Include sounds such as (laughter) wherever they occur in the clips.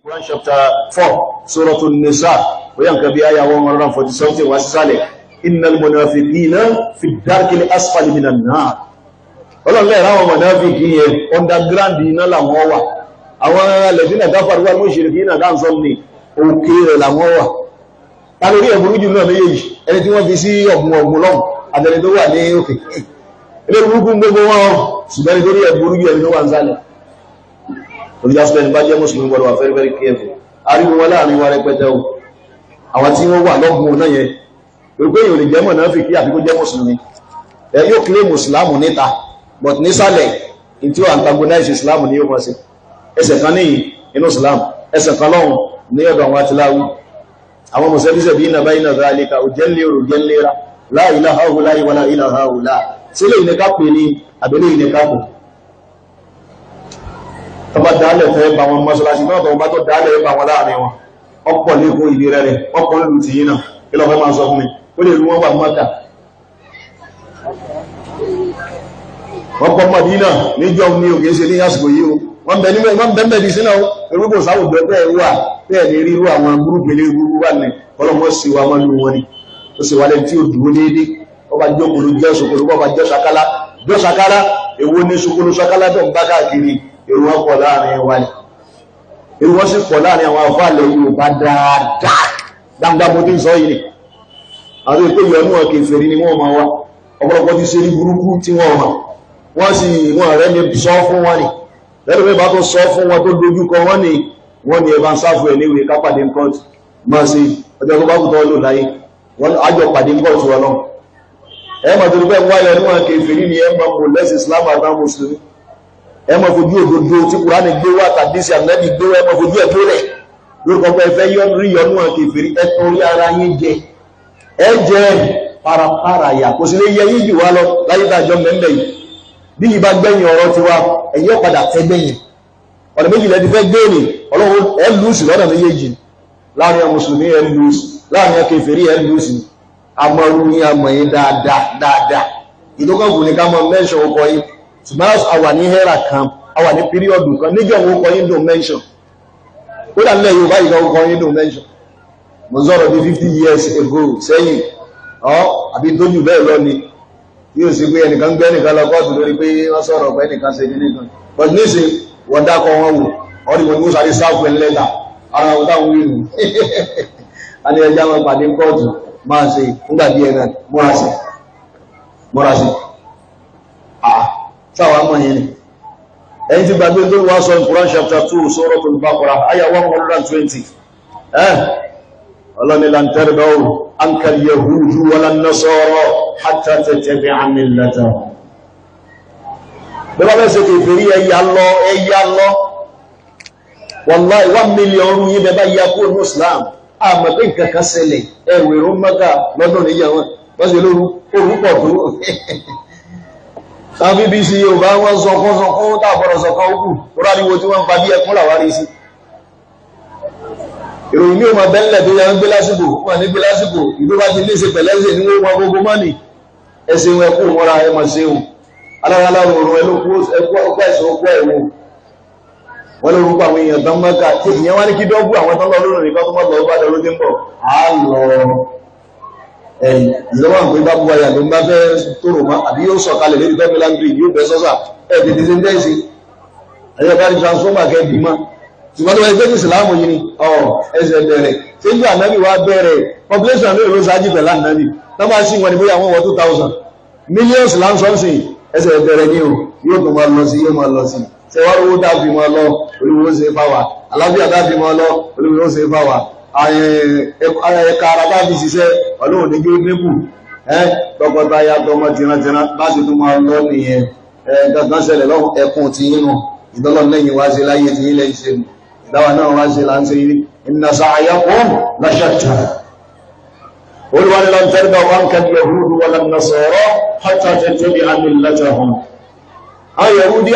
Quran chapter 4, Suratul Nisa, bayan ka biya ya 147 wá sísàlẹ̀. Innal munafiqina fi darkil asfali minan nar. Ọlọ́run lẹ́ra àwọn munafiki yẹn, underground iná làwọn wà. Àwọn alladhina kafaru wal mushrikina dá ń sọ ní òkè rẹ̀ làwọn wà. Tàbí ẹ̀bùrú jù náà méjèèjì, ẹni tí wọ́n fi sí ọ̀gbùn ọ̀gbùn lọ́hùn, àtẹni tó wà ní òkè. Ilé burúkú gbogbo wọn, ṣùgbọ́n nítorí ẹ̀bùrú jù ẹni tó wà ń sálẹ̀ olùjásílẹ̀ ní bá jẹ́ mùsùlùmí gbọ́dọ̀ wà fẹ́rẹ́ fẹ́rẹ́ kíẹ̀fù ariwo wọn láàrin wa rẹpẹtẹ o àwọn tí wọ́n wà lọ́gbọ̀n náà yẹn pé èèyàn lè jẹ́ mùnáfíkí àbí kó jẹ́ mùsùlùmí ẹ yóò kílé mùsùlámù níta but nísàlẹ̀ tí ó antagonize islam ní yóò mọ̀ sí ẹsẹ̀ kan ní inú islam ẹsẹ̀ kan lọ́hùn ní ọ̀dọ̀ àwọn atiláwí àwọn mùsẹ̀lẹ́sẹ̀ bí iná báyìí náà rà lè ka òjẹ́lé òrùjẹ́lé rà láìláhàhùlá ìwọlá ìlàhàhùlá sílé ìnìkápè ní tọba dálẹ̀ fẹ́ bá wọn mọ́ṣáláṣí náà tọba tó dálẹ̀ bá wọn láàrin wọn ọ̀pọ̀ lẹ́kọ̀ọ́ ìdí rẹ̀ rẹ̀ ọ̀pọ̀ lù tì yín náà kí lọ́fẹ́ máa sọ fún mi ó lè lu wọn wà mọ́ta wọ́n pọ̀ mọ̀dínà níjọ́ ní òkè ṣe ní àsìkò yìí o wọ́n bẹ níbẹ̀ wọ́n bẹ mẹ́bí sínú orúkọ sáwùjọ bẹ́ẹ̀ wà bẹ́ẹ̀ ní rírú wa mọ́ nínú wọn ni ó sì wà lẹ́ni tí ó dúró déédéé sakala jọ́ sakala èwo ni sakala tó ń bá irú wọn pọ̀ láàrin wa yìí irú wọn sì pọ̀ láàrin àwọn afáàlẹ̀ Yorùbá dáadáa dáadáa mo ti ń sọ yìí àwọn ètò ìyọnú ọ̀kẹ́ ìfèrí ni wọ́n máa wá ọ̀pọ̀lọpọ̀ ti ṣe ní burúkú tí wọ́n mọ̀ wọ́n sì wọ́n rẹ̀ ní sọ fún wọn ni lẹ́nu pé bá tó sọ fún wọn tó dojú kọ wọ́n ni wọ́n ni ẹ̀bá ń sáfù ẹ̀ níwèé kápàdé nǹkan máa ṣe ọjọ́ ẹ mọ̀ fojú òdodo tí kùránì gbé wá tàbí sí ànábì gbé wá ẹ mọ̀ fojú ẹ̀ tó rẹ̀ lórúkọ pé ẹ fẹ́ rí yọnú ẹ̀ kèfèrí ẹ tún orí ara yín jẹ ẹ jẹ parapara yà kò sí lè yẹ yín jù wá lọ láyé tàjọ mẹ́mẹ́ yìí bí yìí bá gbẹ̀yìn ọ̀rọ̀ tiwa ẹ̀yìn ọ̀padà tẹ́ gbẹ̀yìn ọ̀nà méjì lẹ́ni fẹ́ gbẹ̀yìn ni àmọ́ yín dáadáa dáadáa ìdókòkò ní ká mọ mẹ́ṣọ̀ ọkọ̀ yìí ṣùgbọ́n àwà ní camp. kan àwà ní píríọ̀dù kan níjọ́ òun kọ yín dùn mention ó dà nílẹ̀ Yorùbá ìgbà òun kọ yín dùn mention mo ń sọ̀rọ̀ bí fifty years ago sẹ́yìn ọ́ àbí tójú bẹ́ẹ̀ lọ ni yóò sì pé ẹnìkan gbé ẹnìkan lọ kóòtù lórí pé wọ́n sọ̀rọ̀ pé ẹnìkan ṣe kíní kan but nísìn wọ́n dákọ̀ wọn wò ọ́ ni mo ní sáré sáfù ẹ̀ lẹ́tà ara wọn táwọn wí nù á (laughs) ní ẹja wọn pàdé kóòtù máa ṣe nígbà díẹ̀ náà múra sí ah táwa mọ̀ yẹn ni ẹ̀yìn ti gbàgbé tó wá sọ Quran chapter two Suratul Baqarah àyà one hundred and twenty ọlọ́ni lantẹ́rẹ̀bẹ̀ ọ̀rọ̀ ankal yahudu wala nasara hatta tattabi'a millatahum bẹ́bá bẹ́ẹ̀ ṣe kèfèrí ẹ̀yà lọ ẹ̀yà lọ wallahi one million rú yín bẹ́bá ya wọ́n ṣe lóru orúkọ̀ dúró (laughs) tàbí bí sí Yorùbá wọ́n sọkún sọkún tàbọ̀rọ̀ sọkún òkú ráríwò tí wọ́n ń pa bí ẹkún làwárí sí ìròyìn ní ọmọ bẹ́ńlẹ̀ tó yà ń gbé lásìkò wọ́n ní gbé lásìkò ìlú bá ti léṣe pẹ̀lẹ́sẹ̀ ní wọ́n gbogbo mọ́nì ẹ̀sìn wọn ẹkú mọ́ra ẹmọ̀ sí o aláraláwọ̀ òrùn ẹ ló kú ọkọ̀ ẹ̀sìn ìlọ́wọ́n pé bá búwáyà ló ń bá fẹ́ tóró mọ́ àbí yóò sọ̀kalẹ̀ lórí fẹ́ milangri yóò bẹ́ sọ́sà ẹ̀ tètè ṣe ń tẹ́sí ẹ̀yẹ bá rí transformer kẹ́ bí mọ́ ṣùgbọ́n tó wáyé pé ní ìsìláàmù yìí ni ọ̀ ẹsẹ̀ bẹ̀rẹ̀ tí ń gbà ànábì wá bẹ̀rẹ̀ population lórí ló ṣáájú pẹ̀lú ànábì tó máa ṣì wọn ni bóyá wọn wọ two thousand millions land something ẹsẹ̀ bẹ̀rẹ̀ ni o yóò tó máa lọ sí yóò máa lọ sí ṣé wàá owó dáàbì máa lọ olùwòsè fáwà àlàáfíà dáàbì máa lọ olùwòsè fáwà ẹ̀ka ara bá fi ṣiṣẹ́ ọlọ́run ní gbé níbù tọkọtaya tọmọ tìrantìran bá sì tún máa lọ nìyẹn dandan ṣẹlẹ̀ lọ́wọ́ ẹkùn ti yínú ìdọ́lọ́ lẹ́yìn wá sí láyé ti ilẹ̀ ìṣe nù ìdáwà náà wá sí láńṣe yìí ìnàṣà àyàpọ̀ láṣàtà olùwàlélọ́n tẹ́lẹ̀ wọn kẹ́lẹ̀ yahudu wọn lọ́nà sọ̀rọ̀ hátà tẹ́tẹ́ bí àmì lẹ́tà hàn àwọn yahudi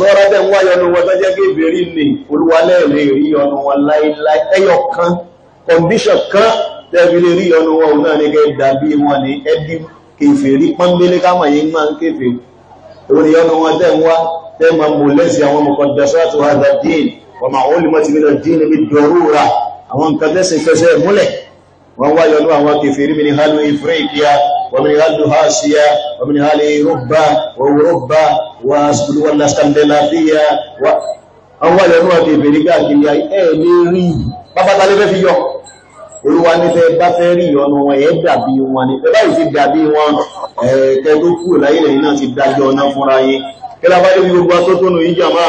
sọ̀rọ̀ tẹ̀ ń wáyọ̀ ní wọn tẹ́jẹ́ kébèrè ní olùwàlẹ́ condition kan tẹ́bílé rí ọ̀nà wọn náà ní gẹ́ dàbí wọn ní ẹbí kèfèrí pọ́nbélé kámọ̀ yìí máa ń kéfè òun ni ọ̀nà wọn tẹ́ ń wá tẹ́ ma mú lẹ́sí àwọn ọmọkọ̀ dasọ́tò hadadin wọ́n máa wọ́n lè mọ́ ti mílọ̀ dín níbi dọ̀rúra àwọn nǹkan tẹ́sẹ̀ fẹsẹ̀ múlẹ̀ wọ́n wáyọ̀ ní àwọn kèfèrí mi ẹ̀ ní rí pápátá ló fẹ́ fi yọ olúwa ní fẹ́ bá fẹ́ rí ìyọnu wọn ẹ̀ dàbí wọn ni fẹ́ báyìí ti dàbí wọn ẹ̀ẹ́kẹ́ tó kúrò láyé lẹ́yìn náà ti dájọ́ ọ̀nà fúnra yín kí lábá lè fi gbogbo atótónu yìí jàmá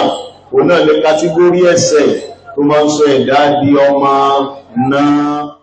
òun náà lè katígórí ẹ̀ṣẹ̀ tó máa ń sọ ẹ̀dá di ọmọ náà